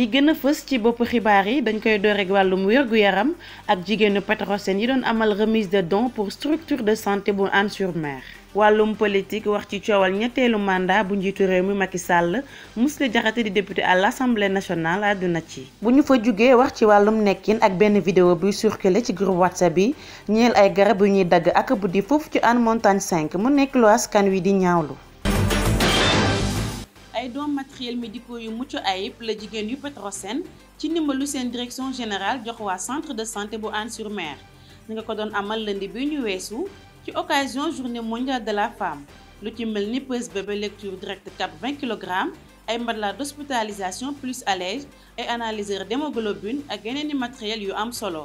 li gën a fës ci bopp xibaar yi dañ koy door wàllum wér-gu-yaram ak jigéenu Petrosen yi doon amal remise de don pour structure de santé bu Anne-sur-Mer. wàllum politique wax ci coowal ñetteelu mandat bu njiitu réew mi Macky sàll Mously Diakhaté di député à l'Assemblée nationale àdduna ci. bu ñu fa jugee wax ci wàllum nekkin ak benn vidéo buy circulé ci groupe whatsapp bi ñeel ay garab yu ñuy dagg ak buddi foofu ci Hann Montagne 5 mu nekk lu askan wi di ñaawlu. ay dons matériel médicaux yu mucc ayib la jigéen yu Petrosen ci ndimbalu seen direction général jox waa centre de santé bu Anne sur Mer ñu nga ko doon amal lundi bi ñu weesu ci occasion journée mondial de la femme lu ci mel ni pause bébé lecture directe cap 20 kilogrammes ay matelas d'hospitalisation plus allège ay analyseur d'hémoglobine ak yeneen i matériel yu am solo.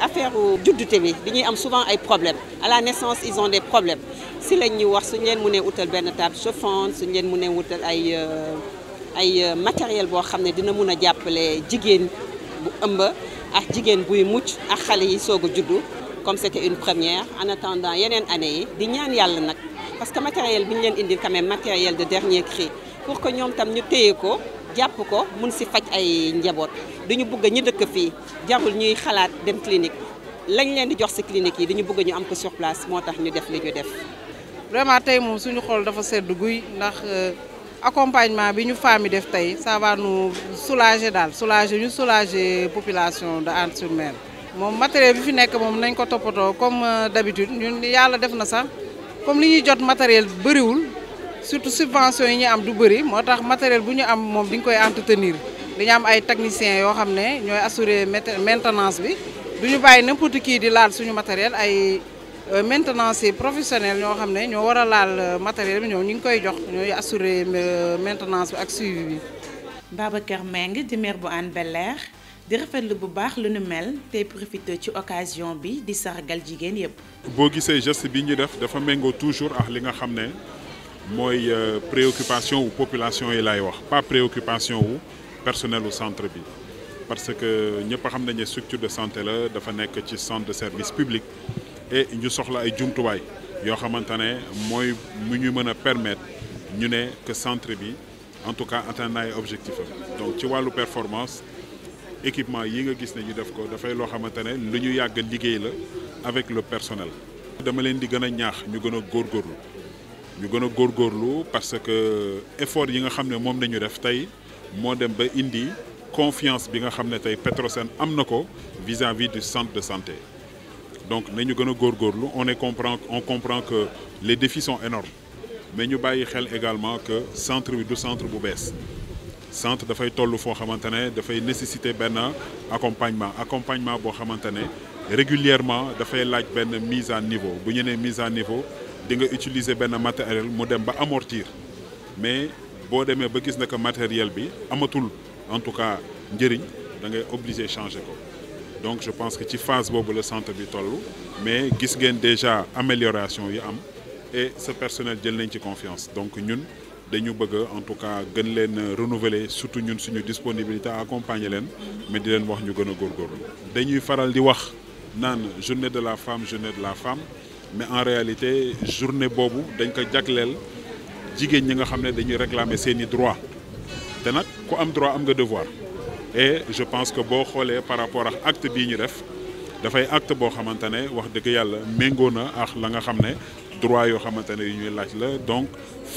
affaire u juddute bi dañuy am souvent ay problèmes à la naissance ils ont des problèmes si lañ ñu wax suñ leen mënee wutal benn table chauffante suñ leen mënee wutal ay euh, ay euh, matériel boo xam ne dina mun a jàppale jigéen bu ëmb ak jigéen buy mucc ak xale yi soog juddu comme c'était une première en attendant yeneen année yi di ñaan yàlla nag parce que matériel bi ñu leen indil quand même matériel de dernier cri pour que ñoom tam ñu téye ko jàpp ko mun si faj ay njaboot duñu bëgg ñi dëkk ñuy xalaat dem clinique lañ leen di clinique sur place pour tax ñu def li ñu def. vraiment suñu xol dafa euh, accompagnement bi ñu ça va nous soulager daal soulager ñu soulager population de sur matériel bi fi nañ comme euh, d'habitude ñun yàlla def na sax comme li ñuy jot matériel bëriwul surtout subvention yi ñu am du bëri motax matériel bu ñu am mom di nga koy entretenir dañu am ay techniciens yo xamné ñoy assurer maintenance bi du ñu bàyyi n'importe qui di laal suñu matériel ay euh, maintenance yi professionnel ñoo xam ne ñoo war laal euh, matériel bi ñoom ñu ngi koy jox ñooy assurer euh, maintenance bi ak suivi bi. Babacar Meng di maire bu Anne Belair air di rafetlu bu baax lu nu mel tey profité ci occasion bi di sargal jigen yëpp. bo gisee geste bi ñu def dafa mengo toujours ak li nga xamné moi euh, préoccupation wu population yi laay wax pas préoccupation ou personnel au centre bi parce que nous xam nañ structure de santé la dafa nekk ci centre de service public et ñu soxla ay jumtuwaay yoo xamante ne mooy mu ñu mën a permettre ñu ne que centre bi en tout cas atteindre na ay objectif am donc ci wàllu performance équipement yi nga gis ne ñu def ko da fay lo ne lu ñu yàgg liggéey la avec le personnel. dama leen di gëna ñaax ñu gëna gor gorlu ñu gën a góorgóorlu parce que effort yi nga xam ne moom nañu def tey moo dem ba indi confiance bi nga xam ne tey Petrosen vis-à-vis du centre de santé donc nañu gën a góorgóorlu on est comprend on comprend que les défis sont énormes mais ñu bàyyi xel également que centre bi du centre bu bees centre dafay toll foo xamante ne dafay nécessité benn accompagnement accompagnement boo xamante ne régulièrement dafay laaj benn mise à niveau bu ñu mise à niveau di utiliser un matériel mu dem ba amortir mais si vous ba gis na que matériel bi amatul en tout cas njëriñ da ngay obligé changer ko donc je pense que ci phase boobu le centre bi mais vous avez déjà amélioration am et ce personnel jël nañ ci confiance donc nous, dañu bëgg en tout cas gën leen renouveler surtout ñun suñu disponibilité accompagner leen mais di leen wax ñu gën Nous góorgóorlu dañuy faral di journée de la femme journée de la femme mais en réalité journée Bobu dañ ko jagleel jigéen ñi nga xamné ne dañuy réclamer seeni droit té nak ku am droit am nga devoir et je pense que bo xolé par rapport à acte bi ñu def fay acte bo xamantane wax deug yalla mengona ak la nga xamné droit yo xamantane ñuy laaj la donc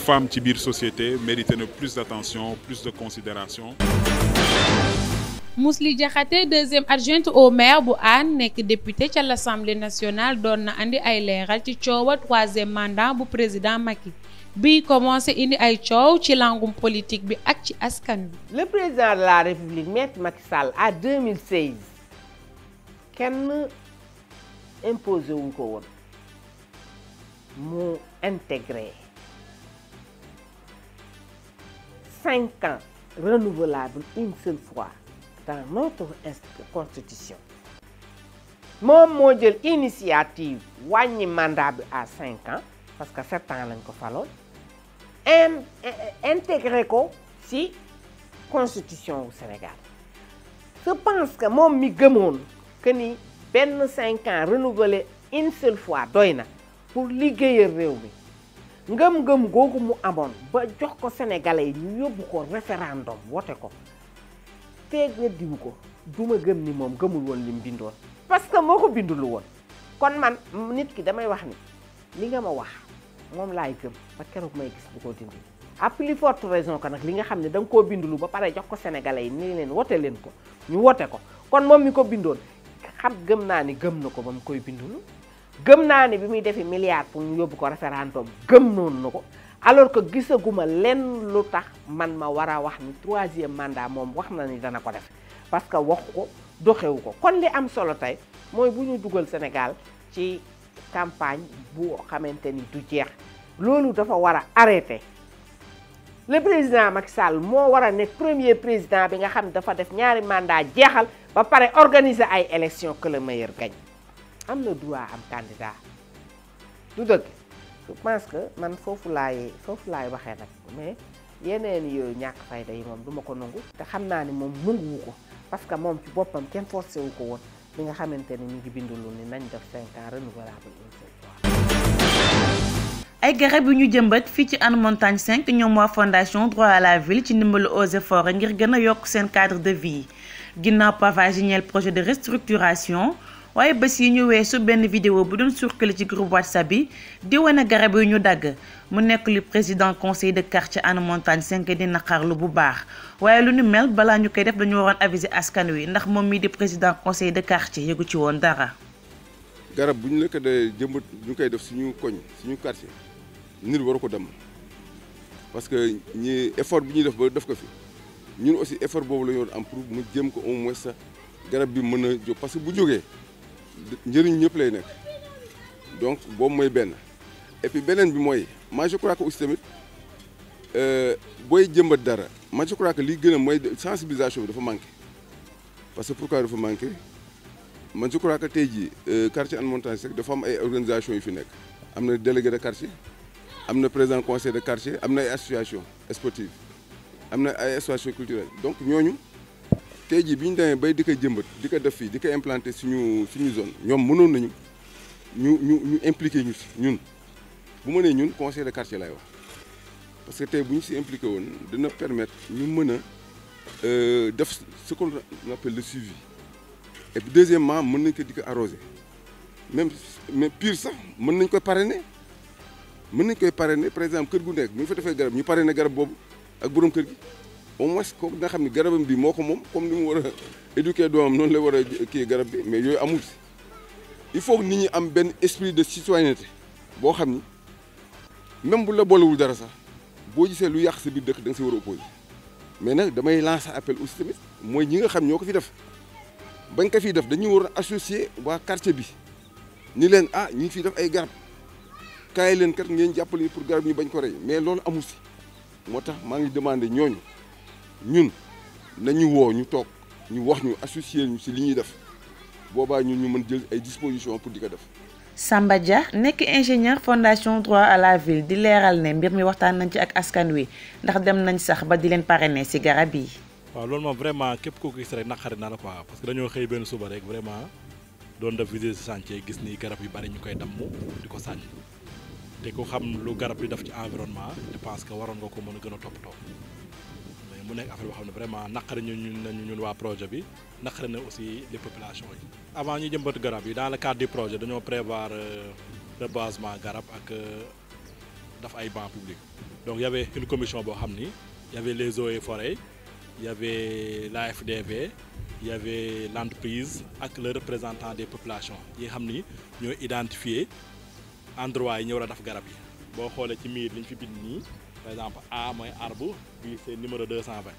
femme ci biir société mérite na plus d'attention plus de considération Mously Diakhaté deuxième adjointe au maire bu Anne député à l'Assemblée nationale donne na andi ay leeral ci troisième mandat bu président Macky bi commencé indi ay coow ci politique bi ak ci le président de la république maître Macky Sall à 2016 kenn imposé une ko Il a intégré cinq ans renouvelable une seule fois dans notre constitution Mon modèle d'initiative, initiative mandable à 5 ans parce que 7 ans lañ ko intégré ko constitution au Sénégal je pense que mon mi que ni 25 ans renouvelé une seule fois pour liggéeyal Je pense que ngëm mu sénégalais référendum feeg weddiwu ko du gëm ni moom gëmul woon lim bindoon parce que moo ko bindulu woon kon man nit ki damay wax ni li nga ma wax moom laay gëm ba keroog may gis bu ko dindi à plus forte raison ko nag li nga xam ne danga koo bindulu ba pare jox ko sénégalais yi nii leen wote leen ko ñu wote ko kon moom mi ko bindoon xam gëm naa ni gëm na ko ba mu koy bindulu gëm naa ne bi muy defi milliard pour ñu yóbbu ko référendum gëm noonu na ko alors que gisaguma man ma wara wax ni troisième mandat mom wax na ni dana ko def parce que wax ko doxewu ko kon li am solo tay moy Sénégal ci campagne bu xamante du dafa le président Macky Sall premier président bi nga xam mandat jeexal ba paré organiser ay élection que le meilleur gagne amna droit am candidat je pense que man fofu que fofu yeneen yooyu ñàkk fayda yi moom du ma ko nangu te xam naa ni moom nanguwu ko parce que moom ci boppam kenn forcé wu ko woon li nga xamante ni ñu ngi bindulu ni nañ def cinq ans renouvelable une seule fois ay garab yu ñu jëmbat fii ci Hann Montagne 5 ñoom waa fondation droit à la ville ci ndimbalu eaux et forêts ngir gën a yokk seen cadre de vie ginnaaw pavage projet de restructuration waaye bés yi ñu weesu benn vidéo bu doon circuler ci groupe whatsapp bi di wane garab yu ñu dagg mu nekk lu président conseil de quartier Hann Montagne 5 di naqarlu bu baax waaye lu ni mel balaa ñu koy def dañu waroon aviser askan wi ndax moom mii di président conseil de ci yëgu ci woon dara. garab bu ñu nekk de jëmbat ñu koy def suñu koñ suñu quartier nit waru ko dem parce que ñi effort bu ñuy def ba def ko fi ñun aussi effort boobu la ñu war am pour mu jëm ko au moins garab bi mën a jóg parce bu jógee. njëriñ ñëpp lay nekk donc boobu mooy benn et puis beneen bi mooy ma je crois que aussi tamit euh, booy jëmbat dara ma je crois que li gën a mooy sensibilisation bi dafa manqué parce que pourquoi dafa manqué man je crois que tey jii euh, quartier an Montagne Seck dafa am ay organisation yu fi nekk am na délégué de quartier am na président conseil de quartier am na ay association sportive am na ay association culturelle donc ñooñu tey jii bi ñu bay di ko jëmbat di def fi di implanter suñu suñu zone ñom mënon nañu ñu ñu ñu impliqué ñu ñun bu ma ñun conseil de quartier lay wax parce que tey buñ ci si impliqué woon dina permettre ñu mëna euh def ce qu'on appelle le suivi et puis deuxièmement mën nañ ko di arroser même mais pire ça mën nañ koy parrainer mën nañ koy parrainer par exemple kër gu nek bu ñu fa defee garab ñu parrainer garab bobu ak borom kër gi au moins kooku dina xam garabam bi moko mom comme ni mu war éduquer doom non la wara ki garab bi mais yoy amul il faut nit ñi am ben esprit de citoyenneté bo xamni même bu la boolewul dara sax bo gisee lu yax ci bi dëkk da nga si war opposé mais nak damay lancer appel aussi tamit moy ñi nga xam ñoo ko fi def bañ ko fi def dañu war associer wa quartier bi ni len ah ñi fi def ay garab kay len kat ngeen jappalé pour garab ñu bañ ko rey mais loolu amul si moo tax ngi demander ñoñu ñun nañu woo ñu toog ñu wax ñu associé ñu si li ñuy def boobaa ñun ñu mën jël ay disposition pour di ko def. Samba Dia nekk ingénieur fondation droit à la ville di leeral ne mbir mi waxtaan nañ ci ak askan wi ndax dem nañ sax ba di leen parrainer si garab yi. waaw loolu moom vraiment képp koo gis rek naqari naa la quoi parce que dañoo xëy benn suba rek vraiment doon def visite si chantier gis ni garab yu bari ñu koy damm di ko sànni te ku xam lu garab yi def ci environnement je que waroon nga ko mën a gën a toppatoo. Nous avons affaire boo xam vraiment naqari ñun ñun projet bi naqari na aussi les populations avant ñu jëmbat garab yi dans le cadre du projet dañoo prévoir euh, reboisement garab ak euh, daf ay banc public donc y avait une commission boo xam ni y avait les eaux et forêts y avait Il y avait l'entreprise ak le représentant des populations yi xam ni ñoo identifier endroit yi ñu war a def garab yi boo xoolee ci miir fi bind par exemple A mooy arbre bii c'est numéro 220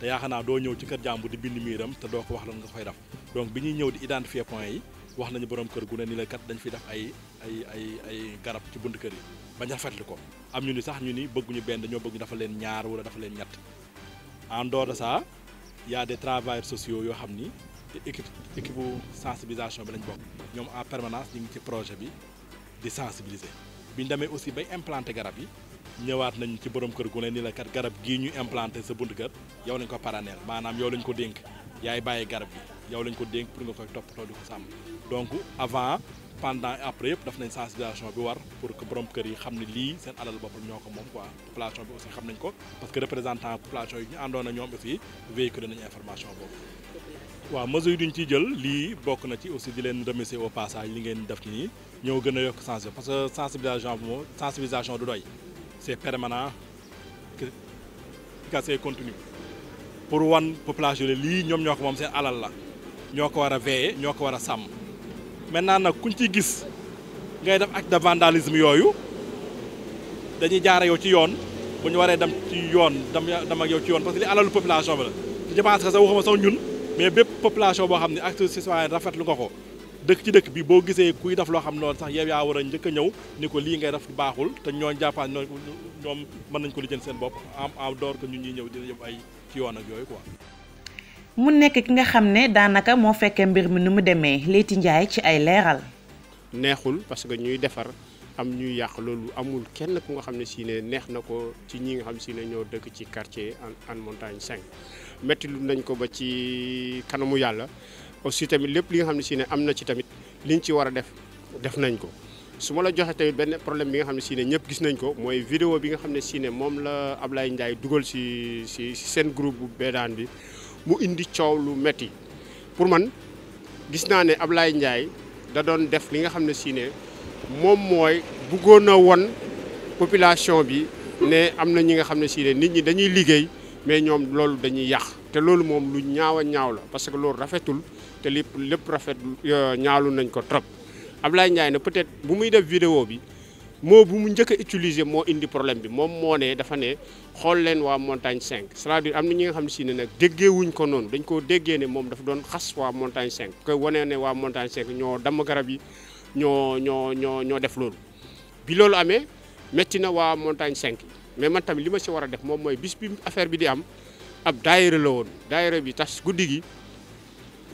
te yaakaar naa doo ñëw ci kër jàmbur di bind miiram te doo ko wax lan nga koy def donc bi ñuy ñëw di identifier point yi wax nañu borom kër gu ne ni la kat dañ fi def ay ay ay ay garab ci bunt kër yi bañ rafetlu ko am ñu ni sax ñu ni bëgguñu benn dañoo bëgg dafa leen ñaar wala dafa leen en dehors de ça a des travailleurs sociaux yoo xam ni équipe équipe sensibilisation bi lañ bokk ñoom en permanence ñi ngi ci projet bi di sensibiliser bi ñu demee aussi bay implanter garab yi ñëwaat nañ ci borom kër gu ne ni la kat garab gii ñu implanté sa buntu kër yow lañ ko paraneel maanaam yow lañ ko dénk yaay bàyyi garab gi yow lañ ko dénk pour nga koy toppatoo di ko sàmm donc avant pendant après yëpp daf nañ sensibilisation bi war pour que borom kër yi xam ne lii seen alal bopp ñoo ko moom quoi population bi aussi xam nañ ko parce que représentant population yi ñu àndoon ak ñoom aussi véhiculé nañ information boobu. waaw mesures yi duñ ciy jël lii bokk na ci aussi di leen remercier au passage li ngeen def nii ñëw gën a yokk sensibilisation parce que sensibilisation bi moom sensibilisation du doy. c'est permanent que c'est continue pour wan population la lii ñoom ñoo ko moom seen alal la ñoo ko war a veiller ñoo ko war a sàmm maintenant nag kuñ ci gis ngay def acte de vandalisme yooyu dañuy jaare yow ci yoon bu ñu waree dem ci yoon dem ak yow ci yoon parce que li alalu population bi la je pense que sax waxuma sax ñun mais bépp population boo xam ne acte citoyen rafetlu nga ko dëkk ci dëkk bi boo gisee kuy def loo xam noonu sax yow yaa war a njëkk a ñëw ni ko lii ngay def baaxul te ñooñ jàppaan ñoom mën nañ ko lijjën seen bopp am am door ko ñun ñuy ñëw dina yëpp ay ci yoon ak yooyu quoi. mu nekk ki nga xam ne daanaka moo fekkee mbir mi ni mu demee Leyti Ndiaye ci ay leeral. neexul parce que ñuy defar am ñuy yàq loolu amul kenn ku nga xam ne si ne neex na ko ci ñi nga xam si ne ñoo dëkk ci quartier en en montagne 5 lu nañ ko ba ci kanamu yàlla. aussi tamit lépp li nga xam ne si ne am na ci tamit liñ ci war a def def nañ ko su ma joxee tamit benn problème bi nga xam ne si ne ñëpp gis nañ ko mooy vidéo bi nga xam ne si ne moom la Ablaye Ndiaye dugal si si seen groupe bu Bédane bi mu indi coow lu metti pour man gis naa ne Ablaye Ndiaye da doon def li nga xam ne si ne moom mooy bëggoon a won population bi ne am na ñi nga xam ne si nit ñi dañuy liggéey mais ñoom loolu dañuy yàq te loolu moom lu ñaaw a ñaaw la parce que loolu rafetul te lépp lépp rafet euh, ñaalu nañ ko trop Ablaye Ndiaye ne peut-être bu muy def vidéo bi moo bu mu njëkk utiliser moo indi problème bi moom moo ne dafa ne xool leen waa montagne 5 c'est-à-dire am na ñi nga xam ne si ne nag déggee ko noonu dañ koo déggee ne moom dafa doon xas waa montagne 5 que wane ne waa montagne 5 ñoo damm garab yi ñoo ñoo ñoo ñoo def loolu bi loolu amee métti na waa montagne 5 mais man tamit li ma si war a def moom mooy bis bi affaire bi di am ab daayira la bi tas guddi gi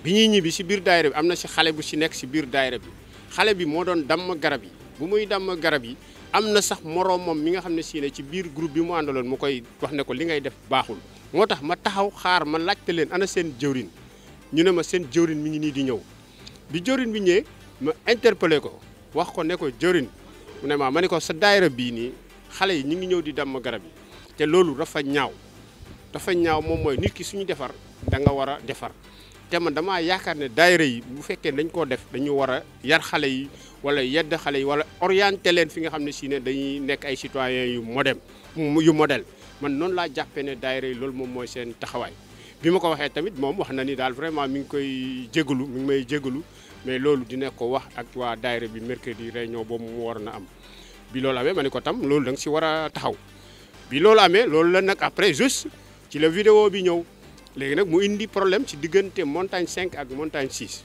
bi ñuy ñibbi si biir daayira bi am na si xale bu si nekk si biir daayira bi xale bi moo doon damm garab yi bu muy damm garab yi am na sax moroomam mi nga xam ne si ci biir groupe bi mu àndaloon mu koy wax ne ko li ngay def baaxul moo tax ma taxaw xaar ma laajte leen ana seen jëwrin ñu ne ma seen jëwrin mi ngi nii di ñëw bi jëwrin bi ñëwee ma interpellé ko wax ko ne ko jëwrin mu ma ne ko sa daayira bii nii xale yi ñu ngi ñëw di damm garab te loolu dafa ñaaw dafa ñaaw moom mooy nit ki suñu defar da nga war a defar te man damaa yaakaar ne daayira yi bu fekkee dañ koo def dañu war a yar xale yi wala yedd xale yi wala orienté leen fi nga xam ne si ne dañuy nekk ay citoyens yu modem yu modèle man noonu laa jàppe ne daayira yi loolu moom mooy seen taxawaay bi ma ko waxee tamit moom wax na ni daal vraiment mi ngi koy jégalu mi ngi may jégalu mais loolu di dina ko wax ak waa daayira bi mercredi ñëw boobu mu war na am bi loolu amee ma ne ko tam loolu danga si war a taxaw bi loolu amee loolu la nag après juste ci la vidéo bi ñëw léegi nag mu indi problème ci diggante montagne cinq ak montagne 6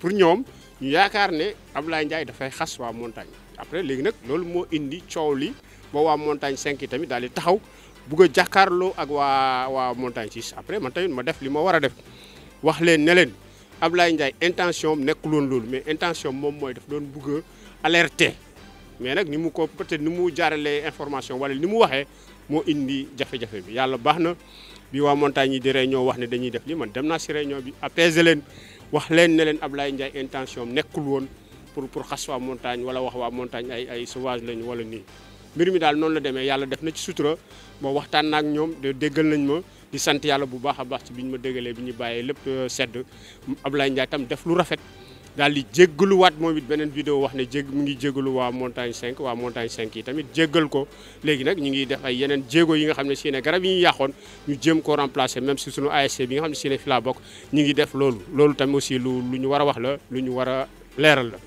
pour ñoom ñu yaakaar ne ab Ablaye Ndiaye dafay xas waa montagne après léegi nag loolu moo indi coow li ba waa montagne yi tamit daal di taxaw bugg a jàkkaarloo ak waa waa montagne 6 après man tamit ma def li ma war a def wax leen ne leen Ablaye Ndiaye intention am nekkul loolu mais intention moom mooy daf doon bugg a mais nag ni mu ko peut-être ni mu jaaralee information wala ni mu waxee moo indi jafe-jafe bi yàlla baax na. bi wa montagne di réunion wax ne dañuy def li man dem naa si réunion bi apaiser leen wax leen ne leen ablaye ndiay intention nekkul woon pour pour xas waa montagne wala wax waa montagne ay ay sauvage lañu wala nii mbir mi daal noonu la demee yàlla def na ci sutura ma waxtaan naag ñoom de déggal nañ ma di sant yàlla bu baax a baax ci biñ ma dégalee bi ñu bàyyee lépp euh, sedd ablaye ndiay tam def lu rafet daal di jéggaluwaat moom it beneen vidéo wax ne jégg mu ngi jéggalu waa montagne 5 waa montagne 5 yi tamit jéggal ko léegi nag ñu ngi def ay yeneen jéego yi nga xam ne si ne garab yi ñu yàqoon ñu jéem ko remplacer même si suñu ASC bi nga xam ne si ne fi bokk ñu ngi def loolu loolu tamit aussi lu lu ñu war a wax la lu ñu war a leeral la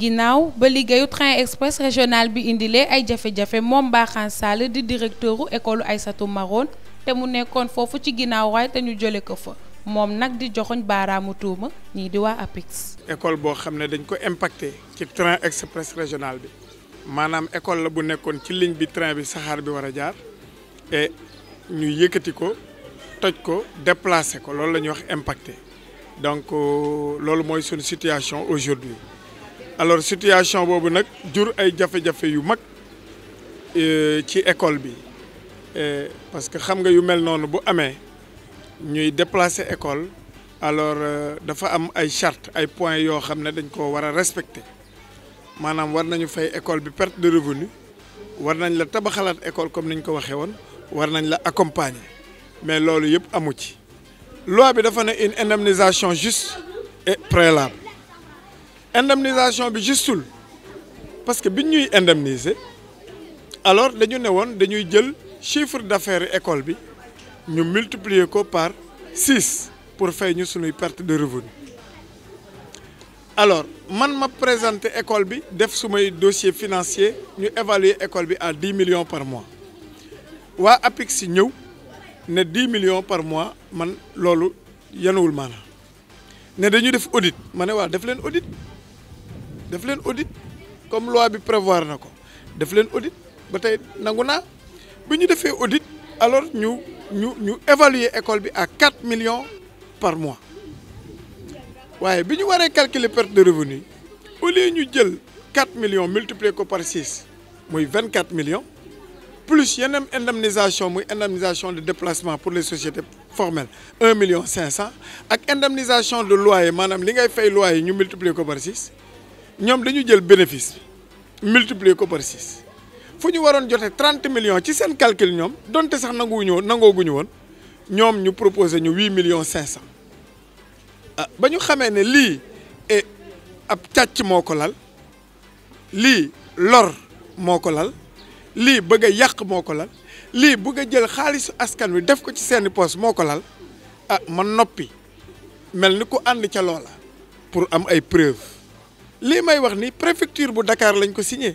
ginnaaw ba liggéeyu train express régional bi indilee ay jafe-jafe moom Mbaxane Sall di directeur école Aïssatou Marone te mu nekkoon foofu ci ginnaaw waay te ñu jële ko fa mom nak di joxoñ baramu tuuma ni di wa apex école bo xamné dañ ko impacté ci train express régional bi manam école la bu nekkoon ci ligne bi train bi sahar bi wara jaar et ñu yëkëti ko toj ko déplacer ko loolu la ñuy wax impacté donc euh, loolu moy sun situation aujourd'hui alors situation bobu nak jur ay jafé jafé yu mag euh ci école bi euh parce que xam nga yu mel noonu bu amé ñuy déplacer école alors euh, dafa am ay charte ay points yoo xam ne dañ ko war respecter maanaam war nañu fay école bi perte de revenu war nañ la tabaxalaat école comme niñ ko waxee woon war nañ la accompagner mais loolu yëpp amu ci loi bi dafa une indemnisation juste et préalable indemnisation bi justul parce que biñ ñuy indemniser alors dañu ne woon dañuy jël chiffre d'affaires école bi nous multiplier par 6 pour faire une perte de revenus. Alors, je me présente l'école, je fais mon dossier financier, nous évaluons l'école à 10 millions par mois. Wa apik si né 10 millions par mois man lolu yanoul mana né dañu def audit mané wa def len audit def len audit comme loi prévoit. prévoir nako def len audit batay nanguna biñu audit alors nous, évaluons l'école à 4 millions par mois. Oui, si nous avons calculé les pertes de revenus, au lieu de 4 millions multipliés par 6, c'est 24 millions, plus il y a une indemnisation, de déplacement pour les sociétés formelles, 1 million 500, et une indemnisation de loyer, madame, nous avons fait loyer, nous multiplions par 6, nous avons fait bénéfice, multiplié par 6 fuñu ñu joté 30 millions ci sen calcul ñom donte sax nanguwu ñu guñu won ñom ñu proposé ñu 8 millions 500. ah bañu xamé né li et eh, ab càcc lal li lor moko li lal li bëgg yaq moko lal li bëgg jël xaaliss askan wi def ko ci sen poste moko lal ah man nopi melni ni ku ànd ca pour am ay preuves li may wax ni préfecture bu Dakar lañ ko signé